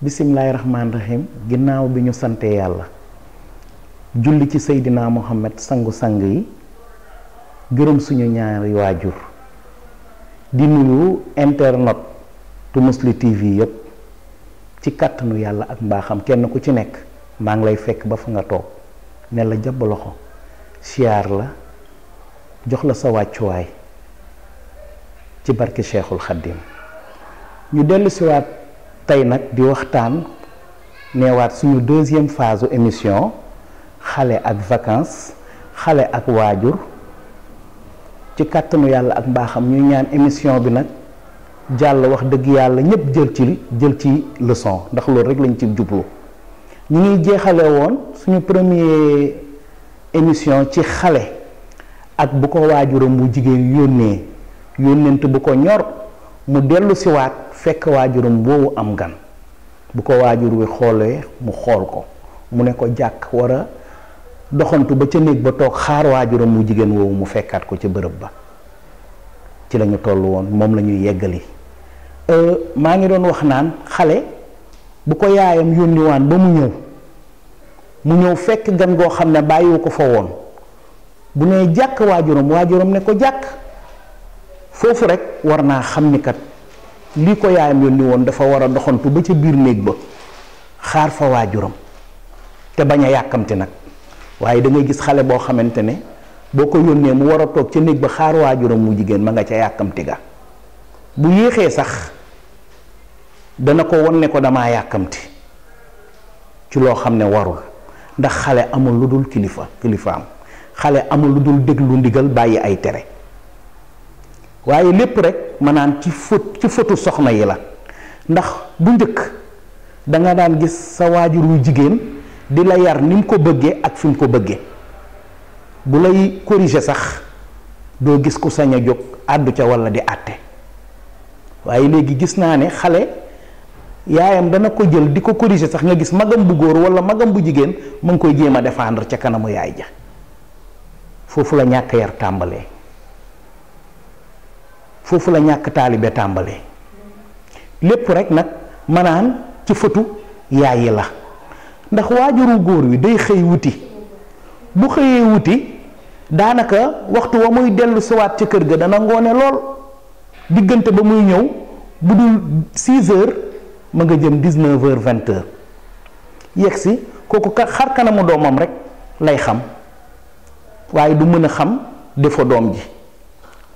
bisimilahi rahmaani rahim ginnaaw bi ñu santee yàlla julli ci Seydina Muhammad sangu-sang yi gërëm suñu ñaari waajur di nuyu internet Tumusli TV yëpp ci kàttanu yàlla ak mbaaxam kenn ku ci nekk maa ngi lay fekk ba fa nga toog ne la jàpp loxo siyaar la jox la sa wàccuwaay ci barke Cheikhul Khadim ñu dellu tey nag di waxtaan neewaat suñu deuxième phase émission xale ak vacances xale ak waajur ci kàttanu yàlla ak mbaaxam ñuy ñaan émission bi nag jàll wax dëgg yàlla ñëpp jël ci jël ci leçon ndax loolu rek lañ ci jublu ñu ngi jeexale woon suñu premier émission ci xale ak bu ko waajuram bu jigéen yónnee yónnent bu ko ñor mu dellusiwaat siwaat fekk waajuram boobu am gan bu ko waajur wi xoolee mu xool ko mu ne ko jàkk wara doxantu ba ca néeg ba toog xaar waajuram wu jigéen woowu mu fekkaat ko ca bërëb ba ci lañu ñu toll woon moom la ñuy yeggali euh, maa ngi doon wax naan xale bu ko yaayam yónniwaan ba mu ñëw mu ñëw fekk gan goo xam ne bàyyiwu ko fa woon bu nee jàkk waajuram waajuram ne ko jàkk foofu rek war naa xam ni kat lii ko yaayam yónni woon dafa war a doxantu ba ca biir néeg ba xaar fa waajuram te bañ a yàkkamti nag waaye da gis xale boo xamante ne boo ko yónnee mu war a toog ca néeg ba xaar waajuram mu jigéen ma nga ca yàkkamti ga bu yéexee sax dana ko won ne ko damaa yàkkamti ci loo xam ne warul ndax xale amul lu dul kilifa kilifaam xale amul lu dul déglu ndigal bàyyi ay tere waaye lépp rek ma naan ci fóot ci fóotu soxna yi la ndax bu njëkk danga daan gis sa waajur wu jigéen di la yar ni mu ko bëggee ak fi mu ko bëggee bu lay corriger sax doo gis ku sañ a jóg àddu ca walla di àtte waaye léegi gis naa ne xale yaayam dana ko jël di ko corriger sax nga gis magam bu góor walla magam bu jigéen mu ngi koy jéem a défendre ca kanamu yaay ja foofu la ñàkk yar tàmbalee. foofu la ñàkk taalibe tàmbalee lépp rek nag manaan ci fëtu yaay la ndax waajuru góor wi day xëy wuti bu xëyee wuti daanaka waxtu wa muy dellu siwaat ca kër ga dana ngoone lool diggante ba muy ñëw bu dul 6 heures ma nga jëm 19 heures 20 heures yegg si kooku xar kanamu doomam rek lay xam waaye du mën xam defo doom ji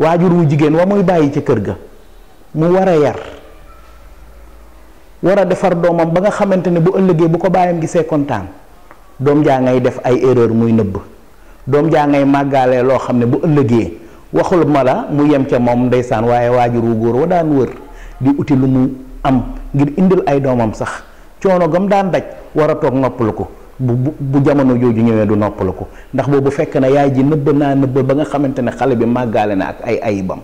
waajur wu jigéen wa muy bàyyi ca kër ga mu war a yar war a defar doomam ba nga xamante ne bu ëllëgee bu ko bàyyam gisee kontaan doom jaa ngay def ay erreur muy nëbb doom jaa ngay màggaale loo xam ne bu ëllëgee waxul ma la mu yem ca moom ndeysaan waaye waajur wu góor wa daan wër di uti lu mu am ngir indil ay doomam sax coono gam daan daj war a toog noppalu ko bu bu jamono jooju ñëwee du noppal ko ndax boobu fekk na yaay ji nëbb naa nëbb ba nga xamante ne xale bi màggaale na ak ay ayibam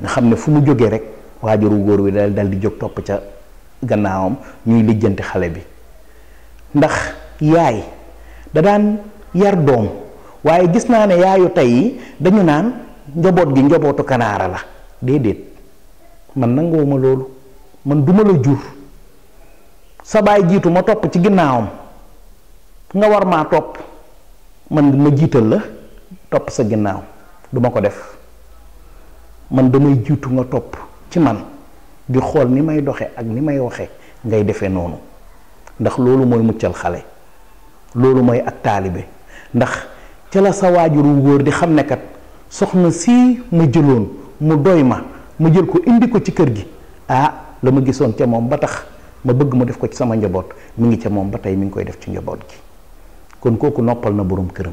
nga xam ne fu mu jógee rek waajuru góor wi dal dal di jóg topp ca gannaawam ñuy lijjanti xale bi ndax yaay da daan yar doom waaye gis naa ne yaayu tey dañu naan njaboot gi njabootu kanaara la déedéet man nanguwuma loolu man duma la jur sa baay jiitu ma topp ci ginnaawam nga war maa topp man ma jiital la topp sa ginnaaw duma ko def man damay jiitu nga topp ci man di xool ni may doxe ak ni may waxe ngay defee noonu ndax loolu mooy muccal xale loolu mooy ak taalibe ndax ca la sa waajur wu góor di xam ne kat soxna si ma jëloon mu doy ma mu jël ko indi ko ci kër gi ah la ma gisoon ca moom ba tax ma bëgg mu def ko ci sama njaboot mu ngi ca moom ba tey mu ngi koy def ci njaboot gi kon kooku noppal na boroom këram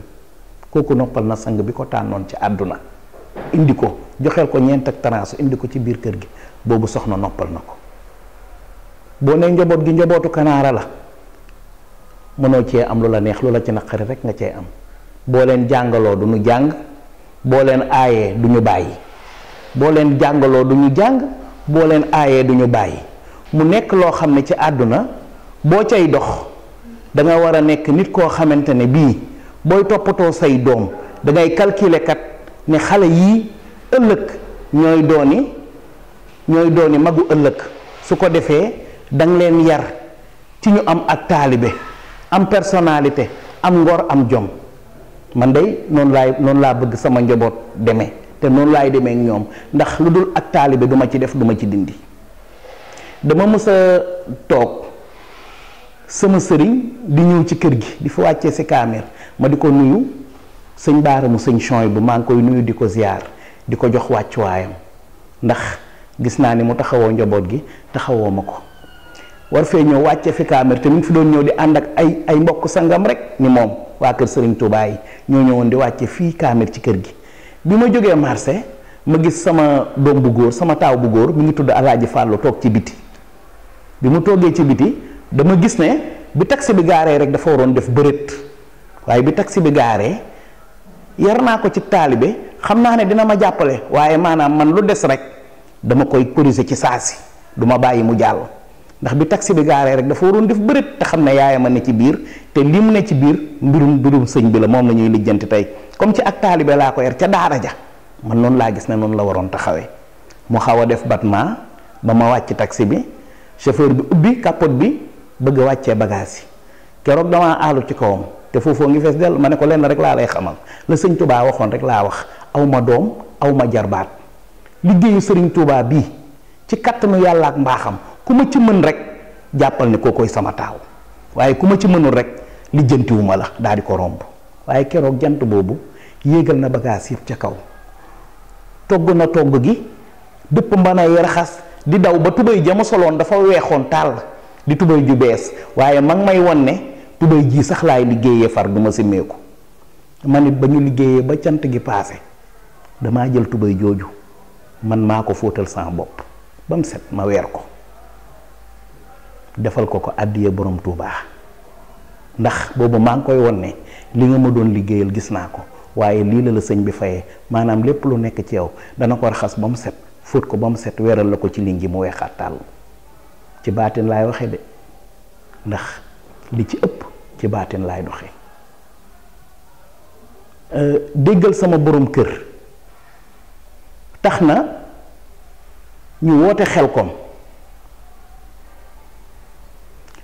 kooku noppal na sang bi ko tànnoon ci àdduna indi ko joxeel ko ñeent ak taraas indi ko ci biir kër gi boobu soxna noppal na ko boo ne njaboot gi njabootu kanaara la mënoo cee am lu neex lu la ci naqari rek nga cee am boo leen jàngaloo du ñu jàng boo leen aayee du ñu bàyyi boo leen jàngaloo du ñu jàng boo leen aayee du ñu bàyyi mu nekk loo xam ne ci àdduna boo cay dox danga war a nekk nit koo xamante ne bii booy toppatoo say doom da ngay calculer kat ne xale yii ëllëg ñooy dooni ñooy dooni magu ëllëg su ko defee da leen yar ci ñu am ak taalibe am personnalité am ngor am jom man day noonu laay noonu laa bëgg sama njaboot deme te noonu laay demeek ñoom ndax lu dul ak taalibe du ma ci def du ma ci dindi dama mës toog sama sëriñ di ñëw ci kër gi di fa wàccee si kaamir ma di ko nuyu sëñ baara mu sëñ chony bu maa ngi koy nuyu di ko ziar di ko jox wàccuwaayam ndax gis naa ni mu taxawoo njaboot gi taxawoo ma ko war fee ñëw wàcce fi kaamir te fi doon ñëw di ànd ak ay ay mbokk sangam rek ni moom waa kër sëriñ Touba ñoo ñëwoon di wàcce fii kaamir ci kër gi bi ma jógee marché ma gis sama doom bu góor sama taaw bu góor mi ngi tudd Alaaji Fàllu toog ci biti bi mu toogee ci biti dama gis ne bi taxi bi gaaree rek dafa waroon def bërét waaye bi taxi bi gaaree yar naa ko ci taalibe xam naa ne dina ma jàppale waaye maanaam man lu des rek dama koy corriger ci saa si duma bàyyi mu jàll ndax bi taxi bi gaaree rek dafa waroon def bërét te xam ne yaayama ne ci biir te li mu ne ci biir mbirum mbirum sëñ bi la moom la ñuy lijjanti tey comme ci ak taalibe laa ko yar ca daara ja man noonu laa gis ne noonu la waroon taxawee mu xaw a def batma ba bi chauffeur bi ubbi capote bi bëgg a wàccee bagage yi keroog damaa aalu ci kawam te foofoo ngi fees dell ma ne ko lenn rek laa lay xamal la sëñ Touba waxoon rek laa wax aw doom aw ma jarbaat liggéeyu sëriñ tuubaa bii ci kattanu yàlla ak mbaaxam ku ma ci mën rek jàppal ne koo koy sama taaw waaye ku ma ci mënul rek lijjantiwuma la daal di ko romb waaye keroog jant boobu yéegal na bagage yëpp ca kaw togg na togg gi dëpp mbana yi raxas di daw ba tubay jama soloon dafa weexoon tàll di tubay ju bees waaye mag may won ne tubay jii sax laay liggéeyee far du ma simmeeku ma nit ba ñu liggéeyee ba cant gi paase damaa jël tubay jooju man maa ko fóotal sans bopp ba mu set ma weer ko defal ko ko àddiya borom tuubaa ndax boobu maa ngi koy won ne li nga ma doon liggéeyal gis naa ko waaye lii la la sëñ bi fayee maanaam lépp lu nekk ci yow dana ko raxas ba mu set fóot ko ba mu set weeral la ko ci liñ gi mu weexaat tàll ci baatin laay waxe de ndax li ci ëpp ci baatin laay doxe euh, déggal sama boroom kër tax na ñu woote xel koom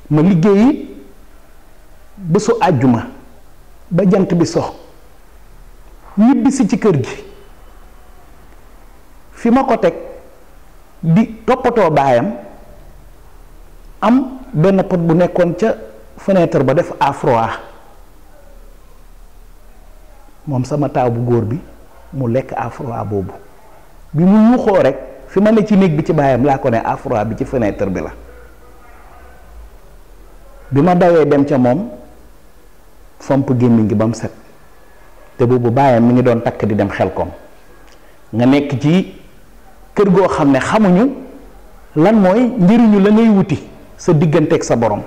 ma liggéeyi bésu àjjuma ba jant bi sox ñibbisi ci kër gi fi ma ko teg di toppatoo baayam am benn pot bu nekkoon ca fenêtre ba def à froid moom sama taaw bu góor bi mu lekk à froid boobu bi mu yuuxoo rek fi ma ne ci néeg bi ci baayam laa ko ne à froid bi ci fenêtre bi la bi ma dawee dem ca moom fomp gémmiñ gi ba mu set te boobu baayam mu ngi doon takk di dem xel kom nga nekk ci kër goo xam ne xamuñu lan mooy njëriñu la ngay wuti sa digganteeg sa borom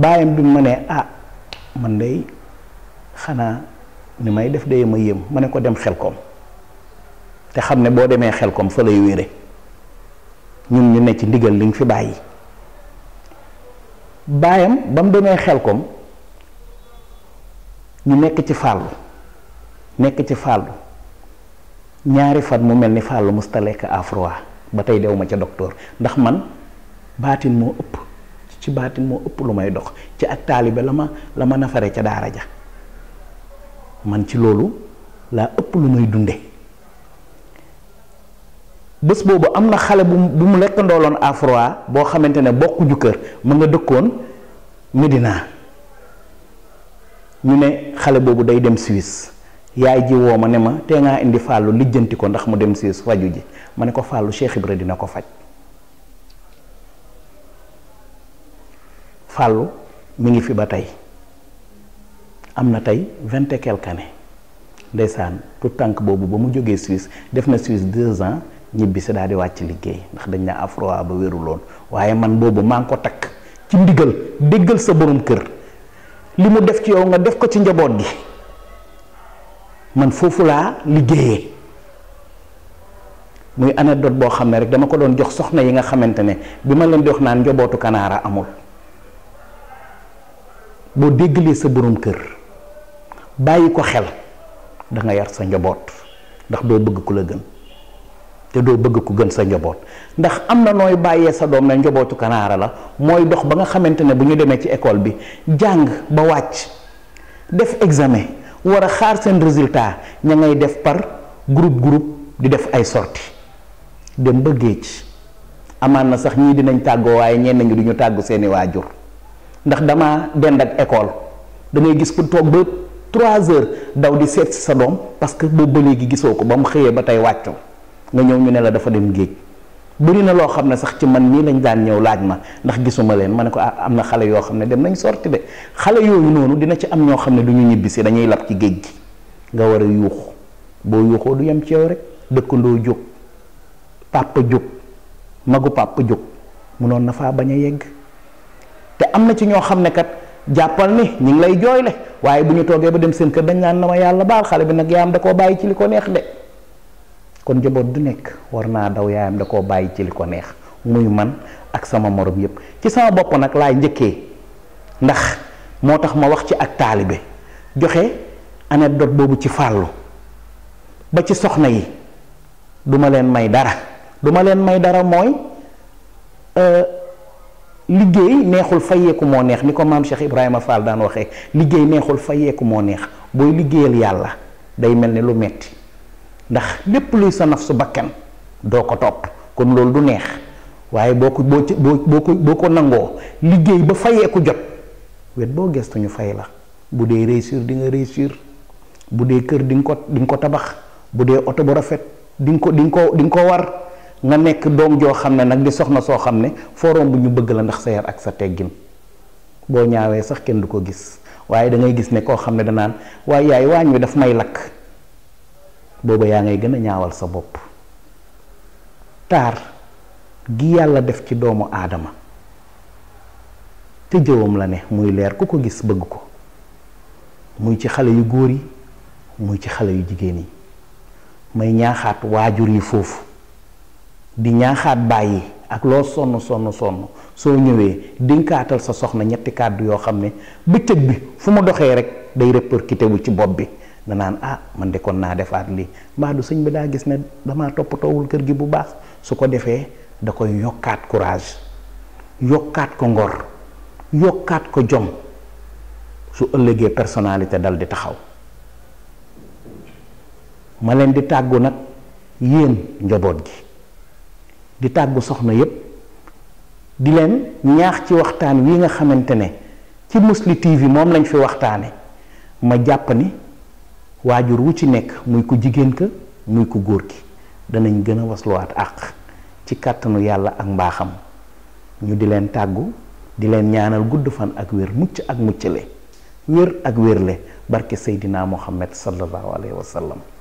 bàyyam bi ma ne ah man dey xanaa ni may def day ma yéem ma ne ko dem xel xelkom te xam ne boo demee xelkom fa lay wére ñun ñu ne ci ndigal li nga fi bàyyi baayam ba mu demee koom ñu nekk ci fàllu nekk ci fàllu ñaari fan mu mel ni fàllu musta lekk à ba tey dew ma ca docteur ndax man baatin moo ëpp ci baatin moo ëpp lu may dox ci ak taalibe la ma la ma nafare ca daara ja man ci loolu laa ëpp lu may dunde bés boobu am na xale bu bu mu lekk ndooloon à boo xamante ne bokku ju kër mu nga dëkkoon Medina ñu ne xale boobu day dem Suisse yaay ji woo ma ne ma tee ngaa indi fàllu lijjanti ko ndax mu dem si faju ji ma ne ko fàllu Cheikh Ibra dina ko faj fàllu mu ngi fi ba tey am na tey vingt et quelque année ndeysaan tout tànk boobu ba mu jógee Suisse def na Suisse deux ans ñibbi si daal di wàcc liggéey ndax dañ naa afro ba wéruloon waaye man boobu maa ngi ko takk ci ndigal déggal sa borom kër li mu def ci yow nga def ko ci njaboot gi man foofu laa liggéeyee muy anecdote boo xam ne rek dama ko doon jox soxna yi nga xamante ne bi ma leen jox naan njobootu kanaara amul boo déggalee sa boroom kër bàyyi ko xel danga yar sa njoboot ndax doo bëgg ku la gën te doo bëgg ku gën sa njoboot ndax am na nooy bàyyee sa doom ne njobootu kanaara la mooy dox ba nga xamante ne bu ñu demee ci école bi jàng ba wàcc def examen war a xaar seen résultat ña ngay def par groupe groupe di def ay sorti dem ba géej amaan na sax ñii dinañ tàggoo waaye ñenn ngi duñu tàggu seeni waajur ndax dama dend ak école da gis ku toog ba trois heures daw di seet si sa doom parce que boobu ba léegi gisoo ko ba mu xëyee ba tey wàccu nga ñëw ñu ne la dafa dem géej bëri na loo xam ne sax ci man nii lañ daan ñëw laaj ma ndax gisuma leen ma ne ko ah am na xale yoo xam ne dem nañ sorti de xale yooyu noonu dina ci am ñoo xam ne du ñu ñibbisi dañuy lab ci géej gi nga war a yuuxu boo yuuxoo du yem ci yow rek dëkkandoo jóg papa jóg magu papa jóg munoon na faa bañ a yegg te am na ci ñoo xam ne kat jàppal ni ñu ngi lay jooyle waaye bu ñu toogee ba dem seen kër dañ naan na ma yàlla baal xale bi nag am da koo bàyyi ci li ko neex de kon njaboot du nekk war naa daw yaayam da koo bàyyi ci li ko neex muy man ak sama morom yépp ci sama bopp nag laay njëkkee ndax moo tax ma wax ci ak taalibe joxe anecdote boobu ci fàllu ba ci soxna yi duma leen may dara duma leen may dara mooy euh, liggéey neexul fayeeku moo neex ni ko maam Cheikh Ibrahima Fall daan waxee liggéey neexul fayeeku moo neex booy liggéeyal yàlla day mel ni lu metti ndax lépp luy sa naf su bakkan doo ko topp kon loolu du neex waaye boo ko boo boo ko boo ko nangoo liggéey ba fayeeku jot wet boo gestu ñu fay la bu dee réussir di nga réussir bu dee kër di ko di ko tabax bu dee oto bu rafet dinga ko di ko di ko war nga nekk doom joo xam ne nag di soxna soo xam ne forom bu ñu bëgg la ndax sa yar ak sa teggin boo ñaawee sax kenn du ko gis waaye da ngay gis ne koo xam ne danaan waaye yaay waañ wi daf may lakk booba yaa ngay gën a ñaawal sa bopp taar gi yàlla def ci doomu aadama te jëwam la ne muy leer ku ko gis bëgg ko muy ci xale yu góor yi muy ci xale yu jigéen yi may ñaaxaat waajur yi foofu di ñaaxaat bàyyi ak loo sonn sonn sonn soo ñëwee dénkaatal sa soxna ñetti kàddu yoo xam ne bëccëg bi fu ma doxee rek day répercuté wu ci bopp bi danaan ah man de kon naa defaat lii mbaa du sëñ bi daa gis ne damaa toppatoowul kër gi bu baax su ko defee da koy yokkaat courage yokkaat ko ngor yokkaat ko jom su ëllëgee personnalité dal di taxaw ma leen di tàggu nag yéen njaboot gi di tàggu soxna yépp di leen ñaax ci waxtaan wi nga xamante ne ci Mouslih TV moom lañ fi waxtaane ma jàpp ni waajur wu ci nekk muy ko jigéen ka muy ko góor ki danañ gën a wasluwaat àq ci kàttanu yàlla ak mbaaxam ñu di leen tàggu di leen ñaanal gudd fan ak wér mucc ak muccale wér ak wérle barke Seydina Muhammad sallallahu alayhi wa sallam